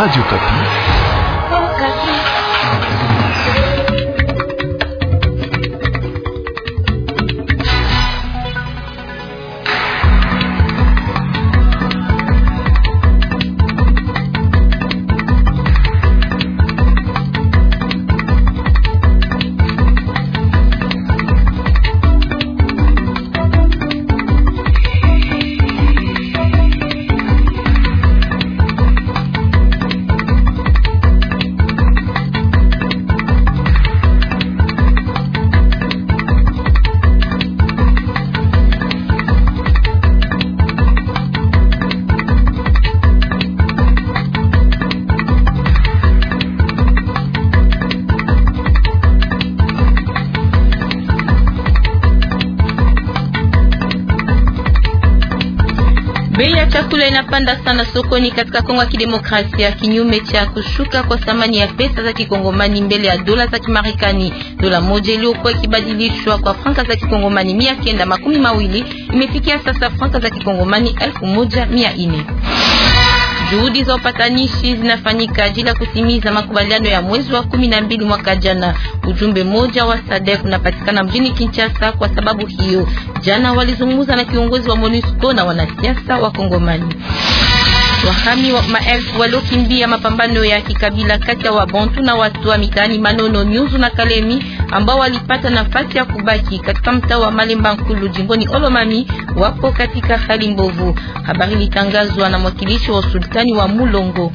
Radio Okapi. Bei ya chakula inapanda sana sokoni katika Kongo ya Kidemokrasia, kinyume cha kushuka kwa thamani ya pesa za kikongomani mbele ya dola za Kimarekani. Dola moja iliyokuwa ikibadilishwa kwa franka za kikongomani mia kenda makumi mawili imefikia sasa franka za kikongomani elfu moja mia Juhudi za upatanishi zinafanyika ajili ya kutimiza makubaliano ya mwezi wa kumi na mbili mwaka jana. Ujumbe mmoja wa SADC unapatikana mjini Kinshasa. Kwa sababu hiyo, jana walizungumza na kiongozi wa MONUSCO na wanasiasa wa Kongomani. Wahami wa maelfu waliokimbia mapambano ya kikabila kati ya Wabantu na watu wa mitaani Manono, Nyuzu na Kalemi ambao walipata nafasi ya kubaki katika mtaa wa Malemba Nkulu jimboni Olomami wapo katika hali mbovu. Habari litangazwa na mwakilishi wa usultani wa Mulongo.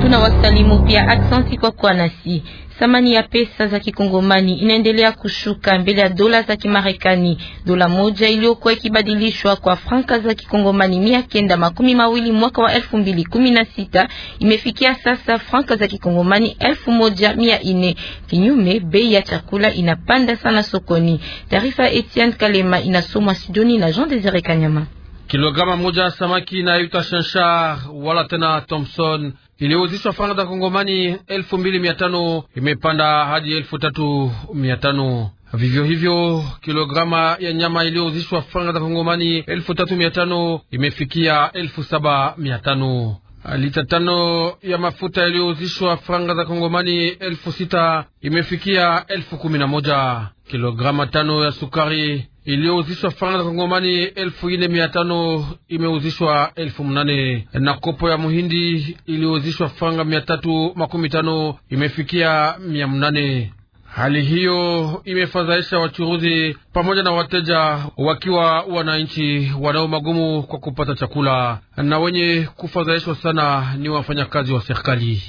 Tunawasalimu pia, aksanti kwa kuwa nasi. Thamani ya pesa za kikongomani inaendelea kushuka mbele ya dola za Kimarekani. Dola moja iliyokuwa ikibadilishwa kwa franka za kikongomani mia kenda makumi mawili mwaka wa elfu mbili kumi na sita imefikia sasa franka za kikongomani elfu moja mia ine. Kinyume, bei ya chakula inapanda sana sokoni. Taarifa Etienne Kalema inasomwa Sidoni na Jean Desire Kanyama. Kilograma moja ya samaki inayoitwa shanshar wala tena Thompson iliyouzishwa franga za Kongomani elfu mbili mia tano imepanda hadi elfu tatu mia tano. Vivyo hivyo kilograma ya nyama iliyouzishwa franga za Kongomani elfu tatu mia tano imefikia elfu saba mia tano. Lita tano ya mafuta yaliyouzishwa franga za Kongomani elfu sita imefikia elfu kumi na moja. Kilograma tano ya sukari iliyouzishwa faranga za Kongomani elfu ine mia tano imeuzishwa elfu mnane na kopo ya muhindi iliyouzishwa faranga mia tatu makumi tano imefikia mia mnane. Hali hiyo imefadhaisha wachuruzi pamoja na wateja, wakiwa wananchi wanao magumu kwa kupata chakula, na wenye kufadhaishwa sana ni wafanyakazi wa serikali.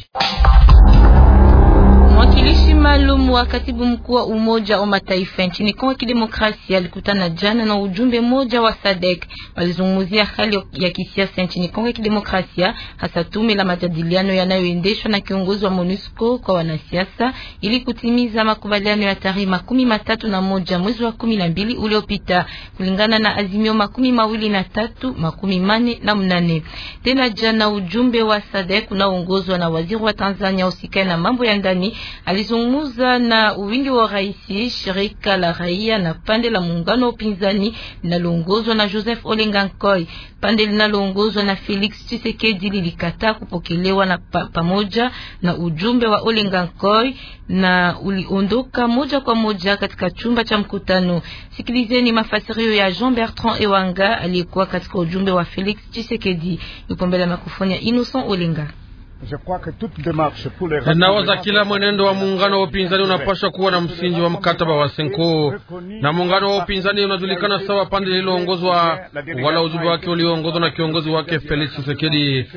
Mwakilishi maalum wa katibu mkuu wa Umoja wa Mataifa nchini Kongo Kidemokrasia alikutana jana na ujumbe mmoja wa SADC. Walizungumzia hali ya kisiasa nchini Kongo ya Kidemokrasia, hasa tume la majadiliano yanayoendeshwa na kiongozi wa MONUSCO kwa wanasiasa ili kutimiza makubaliano ya tarehe makumi matatu na moja mwezi wa kumi na mbili uliopita kulingana na azimio makumi mawili na tatu makumi mane na mnane. Tena jana ujumbe wa SADC unaoongozwa na waziri wa Tanzania usikae na mambo ya ndani alizungumza kuzungumuza na wingi wa raisi shirika la raia na pande la muungano wa upinzani linaloongozwa na Joseph Olenga Nkoy. Pande linaloongozwa na Felix Tshisekedi lilikataa kupokelewa na pa, pamoja na ujumbe wa Olenga Nkoy na uliondoka moja kwa moja katika chumba cha mkutano. Sikilizeni mafasirio ya Jean Bertrand Ewanga aliyekuwa katika ujumbe wa Felix Tshisekedi. Yupo mbele ya mikrofoni ya Innocent Olenga. Nawaza kila mwenendo wa muungano wa upinzani unapaswa kuwa na msingi wa mkataba wa Senko, na muungano wa upinzani unajulikana sawa pande lililoongozwa wala ujumbe wake ulioongozwa na kiongozi wake Felix Tshisekedi.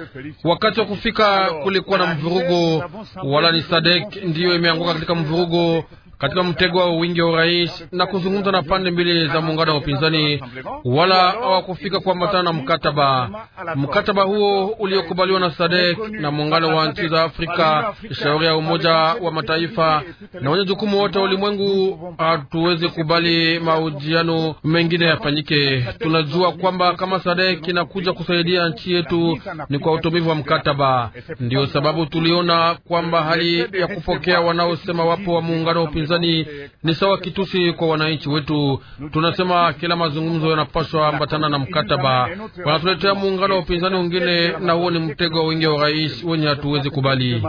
Wakati wa kufika kulikuwa na mvurugo, wala ni Sadek ndiyo imeanguka katika mvurugo katika mtego wa wingi wa urais na kuzungumza na pande mbili za muungano wa upinzani, wala hawakufika kuambatana na mkataba. Mkataba huo uliokubaliwa na sadek na muungano wa nchi za Afrika, shauri ya Umoja wa Mataifa na wenye jukumu wote wa ulimwengu, hatuwezi kubali mahojiano mengine yafanyike. Tunajua kwamba kama sadek inakuja kusaidia nchi yetu ni kwa utumivu wa mkataba. Ndiyo sababu tuliona kwamba hali ya kupokea wanaosema wapo wa muungano wa upinzani upinzani ni sawa kitusi kwa wananchi wetu. Tunasema kila mazungumzo yanapaswa ambatana na mkataba. Wanatuletea muungano wa upinzani wengine, na huo ni mtego wa wingi wa rais wenye hatuwezi kubali.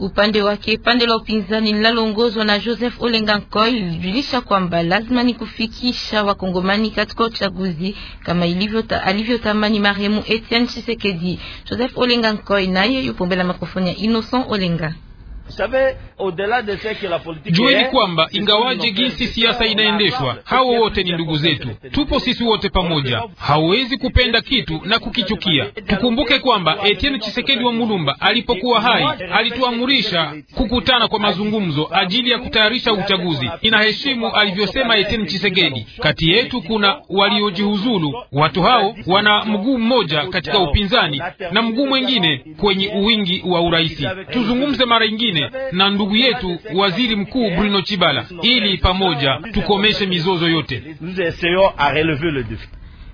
Upande wake pande la upinzani linaloongozwa na Joseph Olenga Nkoy lilijulisha kwamba lazima ni kufikisha wakongomani katika uchaguzi kama alivyotamani marehemu Etienne Tshisekedi. Joseph Olenga Nkoy naye yupo mbele ya mikrofoni ya Innocent Olenga. Jueni kwamba ingawaje jinsi siasa inaendeshwa, hao wote ni ndugu zetu, tupo sisi wote pamoja. Hauwezi kupenda kitu na kukichukia. Tukumbuke kwamba Etienne chisekedi wa Mulumba alipokuwa hai alituamurisha kukutana kwa mazungumzo ajili ya kutayarisha uchaguzi. Inaheshimu alivyosema Etienne chisekedi kati yetu kuna waliojihuzulu. Watu hao wana mguu mmoja katika upinzani na mguu mwingine kwenye uwingi wa uraisi Tuzungumze mara nyingine mwingine na ndugu yetu waziri mkuu Bruno Chibala ili pamoja tukomeshe mizozo yote.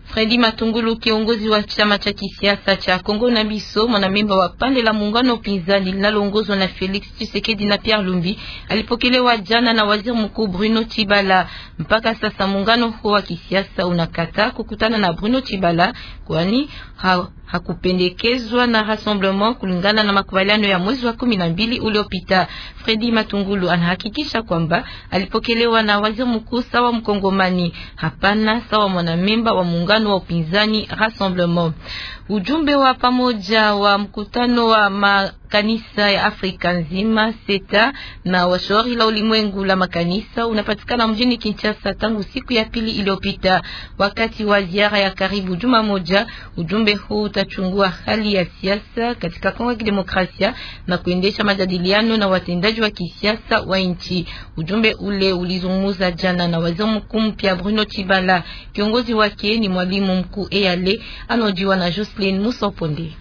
Fredi Matungulu, kiongozi wa chama cha kisiasa cha Kongo na Biso, mwanamemba wa pande la muungano upinzani linaloongozwa na Felix Tshisekedi na Pierre Lumbi, alipokelewa jana na waziri mkuu Bruno Chibala. Mpaka sasa muungano huo wa kisiasa unakataa kukutana na Bruno Chibala kwani hakupendekezwa na Rassemblement kulingana na makubaliano ya mwezi wa kumi na mbili uliopita. Fredi Matungulu anahakikisha kwamba alipokelewa na waziri mkuu sawa Mkongomani, hapana sawa mwanamemba wa muungano wa upinzani Rassemblement. Ujumbe wa pamoja wa mkutano wa ma makanisa ya Afrika nzima seta na washauri la ulimwengu la makanisa unapatikana mjini Kinshasa tangu siku ya pili iliyopita. Wakati wa ziara ya karibu juma moja, ujumbe huu utachungua hali ya siasa katika Kongo ya Kidemokrasia na kuendesha majadiliano na watendaji wa kisiasa wa nchi. Ujumbe ule ulizungumza jana na waziri mkuu mpya Bruno Chibala. Kiongozi wake ni mwalimu mkuu Eyale, anaojiwa na Jocelyn Musoponde.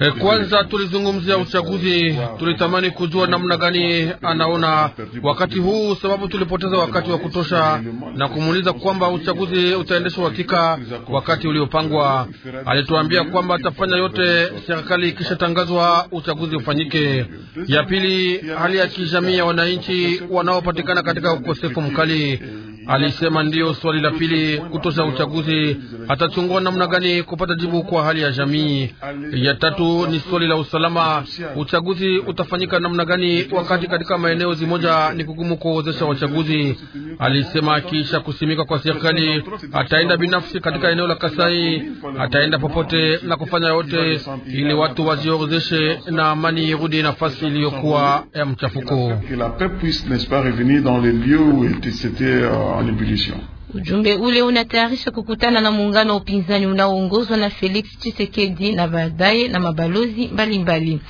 Eh, kwanza tulizungumzia uchaguzi. Tulitamani kujua namna gani anaona wakati huu, sababu tulipoteza wakati wa kutosha, na kumuuliza kwamba uchaguzi utaendeshwa hakika wakati uliopangwa. Alituambia kwamba atafanya yote serikali ikishatangazwa uchaguzi ufanyike. Ya pili, hali ya kijamii ya wananchi wanaopatikana katika ukosefu mkali alisema ndiyo. Swali la pili kutosha uchaguzi, atachungua namna gani kupata jibu kwa hali ya jamii. Ya tatu ni swali la usalama, uchaguzi utafanyika namna gani wakati katika maeneo zimoja ni kugumu kuwezesha wachaguzi. Alisema kisha kusimika kwa serikali ataenda binafsi katika eneo la Kasai, ataenda popote na kufanya yote ili watu wajiorozeshe na amani irudi nafasi iliyokuwa ya mchafuko. Ujumbe ule unatayarisha kukutana na muungano wa upinzani unaoongozwa na Felix Tshisekedi na baadaye na mabalozi mbalimbali mbali.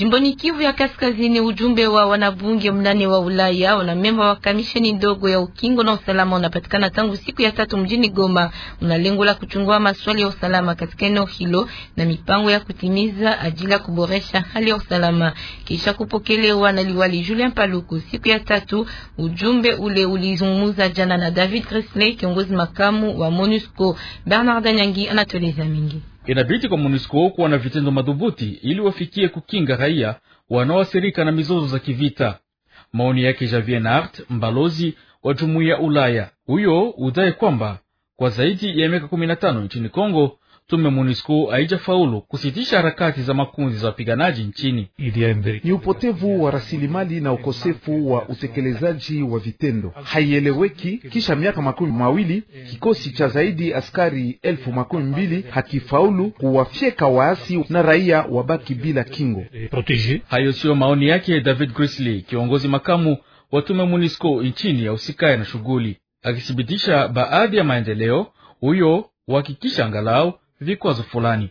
Jimboni Kivu ya Kaskazini, ujumbe wa wanabunge mnane wa Ulaya una memba wa kamisheni ndogo ya ukingo na usalama unapatikana tangu siku ya tatu mjini Goma. Una lengo la kuchungua maswali ya usalama katika eneo hilo na mipango ya kutimiza ajili ya kuboresha hali ya usalama. Kisha kupokelewa na liwali Julien Paluku siku ya tatu, ujumbe ule ulizungumza jana na David Gresley, kiongozi makamu wa MONUSCO. Bernard Nyangi anatueleza mingi. Inabidi kwa MONUSCO kuwa na vitendo madhubuti ili wafikie kukinga raia wanaoathirika na mizozo za kivita. Maoni yake Javier Nart, mbalozi wa jumuiya Ulaya. Huyo udai kwamba kwa zaidi ya miaka 15 nchini Kongo tume MONUSCO haijafaulu kusitisha harakati za makundi za wapiganaji nchini. Ni upotevu wa rasilimali na ukosefu wa utekelezaji wa vitendo, haieleweki. Kisha miaka makumi mawili kikosi cha zaidi askari elfu makumi mbili hakifaulu kuwafyeka waasi na raia wabaki bila kingo. Eh, Hayo siyo maoni yake David Grisley, kiongozi makamu wa tume MONUSCO nchini ya usikaye na shughuli, akithibitisha baadhi ya maendeleo huyo huhakikisha angalau vikwazo fulani.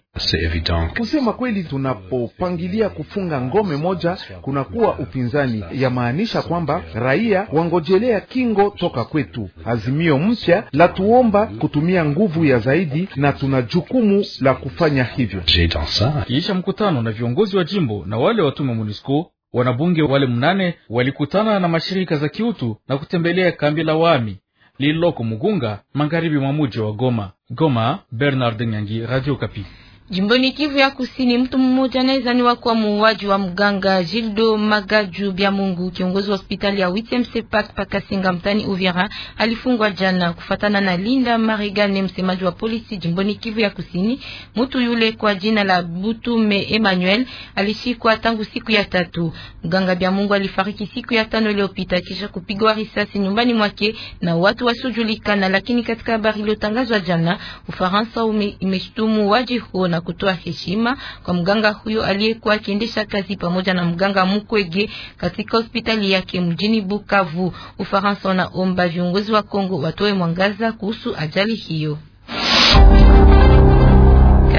Kusema kweli, tunapopangilia kufunga ngome moja kunakuwa upinzani, yamaanisha kwamba raia wangojelea kingo toka kwetu. Azimio mpya la tuomba kutumia nguvu ya zaidi, na tuna jukumu la kufanya hivyo. Kiisha mkutano na viongozi wa jimbo na wale watume wa MONUSCO, wanabunge wale mnane walikutana na mashirika za kiutu na kutembelea kambi la wami lililoko Mugunga, magharibi mwa muji wa Goma. Goma, Bernard Nyangi, Radio Kapi. Jimboni Kivu ya Kusini, mtu mmoja anayezaniwa kuwa muuaji wa mganga Gildo Magaju Bya Mungu, kiongozi wa hospitali ya Witem Sepak Pakasenga mtani Uvira, alifungwa jana. Kufatana na Linda Marigane, msemaji wa polisi jimboni Kivu ya Kusini, mtu yule kwa jina la Butume Emmanuel alishikwa tangu siku ya tatu. Mganga Bya Mungu alifariki siku ya tano iliyopita kisha kupigwa risasi nyumbani mwake na watu wasiojulikana. Lakini katika habari iliyotangazwa jana, Ufaransa umeshtumu waji huo na na kutoa heshima kwa mganga huyo aliyekuwa akiendesha kazi pamoja na mganga Mukwege katika hospitali yake mjini Bukavu. Ufaransa na omba viongozi wa Kongo watoe mwangaza kuhusu ajali hiyo.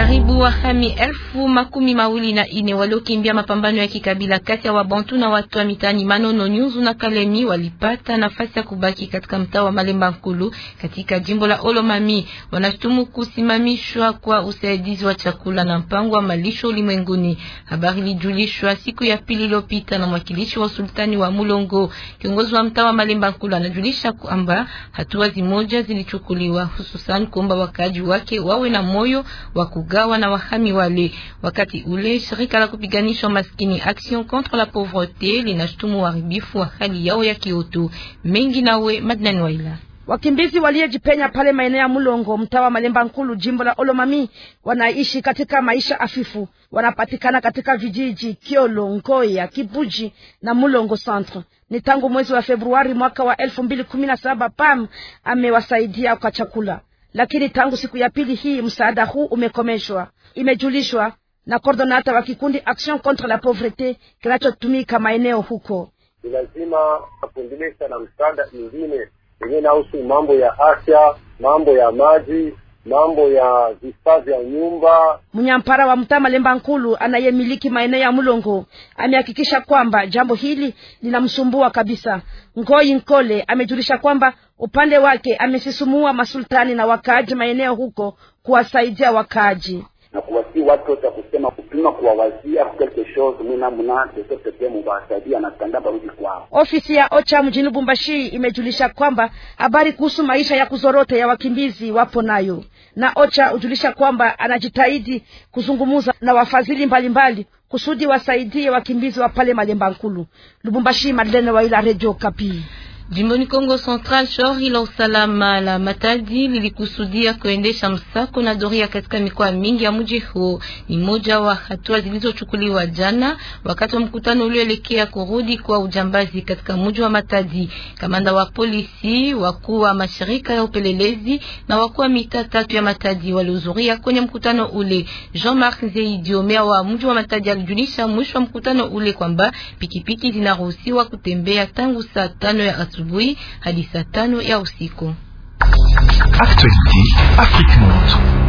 Karibu wahami elfu makumi mawili na ine waliokimbia mapambano ya kikabila kati ya Wabantu na watu wa mitaani Manono, Nyunzu na Kalemi walipata nafasi ya kubaki katika mtaa wa Malemba Nkulu katika jimbo la Olomami. Wanashutumu kusimamishwa kwa usaidizi wa chakula na mpango wa malisho ulimwenguni. Habari ilijulishwa siku ya pili iliyopita na mwakilishi wa sultani wa Mulongo. Kiongozi wa mtaa wa Malemba Nkulu anajulisha kwamba hatua zimoja zilichukuliwa, hususan kuomba wakaaji wake wawe na moyo wa kugawa na wahami wale. Wakati ule shirika la kupiganisha maskini Action contre la pauvreté linashutumu uharibifu wa hali yao ya kiutu. Mengi nawe Madnan Waila. Wakimbizi waliyejipenya pale maeneo ya Mulongo, mtaa wa Malemba Nkulu, jimbo la Olomami, wanaishi katika maisha afifu. Wanapatikana katika vijiji Kiolo, Nkoya, Kibuji na Mulongo Centre. Ni tangu mwezi wa Februari mwaka wa elfu mbili kumi na saba PAM amewasaidia kwa chakula lakini tangu siku ya pili hii msaada huu umekomeshwa, imejulishwa na kordonata wa kikundi Action Contre la Pauvrete kinachotumika maeneo huko. Ni lazima kuendelesha na msaada mingine yenye nahusu mambo ya afya, mambo ya maji, mambo ya vifaa vya nyumba. Mnyampara wa mtaa Malemba Nkulu anayemiliki maeneo ya Mlongo amehakikisha kwamba jambo hili linamsumbua kabisa. Ngoi Nkole amejulisha kwamba Upande wake amesisumua masultani na wakaaji maeneo huko kuwasaidia wakaaji na kuwasii watu wote kusema kupima kuwawazia quelque chose mina mna tetete mubasaidia na tanda barudi kwao. Ofisi ya OCHA mjini Lubumbashi imejulisha kwamba habari kuhusu maisha ya kuzorota ya wakimbizi wapo nayo, na OCHA hujulisha kwamba anajitahidi kuzungumza na wafadhili mbalimbali kusudi wasaidie wakimbizi wa pale Malemba Nkulu. Lubumbashi, Madlene Waila, Radio Kapii. Jimboni Kongo Central, shauri la usalama la Matadi lilikusudia kuendesha msako na doria katika mikoa mingi ya mji huo. Ni moja wa hatua zilizochukuliwa jana wakati wa mkutano ulioelekea kurudi kwa ujambazi katika mji wa Matadi. Kamanda wa polisi, wakuu wa mashirika ya upelelezi na wakuu wa mitaa tatu ya Matadi walihudhuria kwenye mkutano ule. Jean-Marc Zeidio, meya wa mji wa Matadi, alijulisha mwisho wa mkutano ule kwamba pikipiki zinaruhusiwa kutembea tangu saa tano ya asubuhi asubuhi hadi saa tano ya usiku.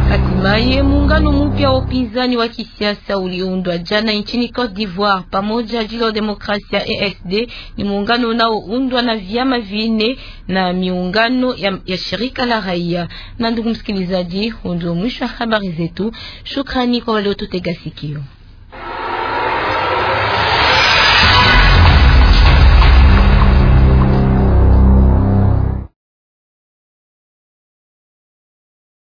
Hatimaye muungano mpya wa upinzani wa kisiasa uliundwa jana nchini Cote d'Ivoire pamoja ajili ya demokrasia ESD. Ni muungano unaoundwa na vyama vinne na miungano ya, ya shirika la raia. Na ndugu msikilizaji, ndio mwisho wa habari zetu. Shukrani kwa waliotutega sikio.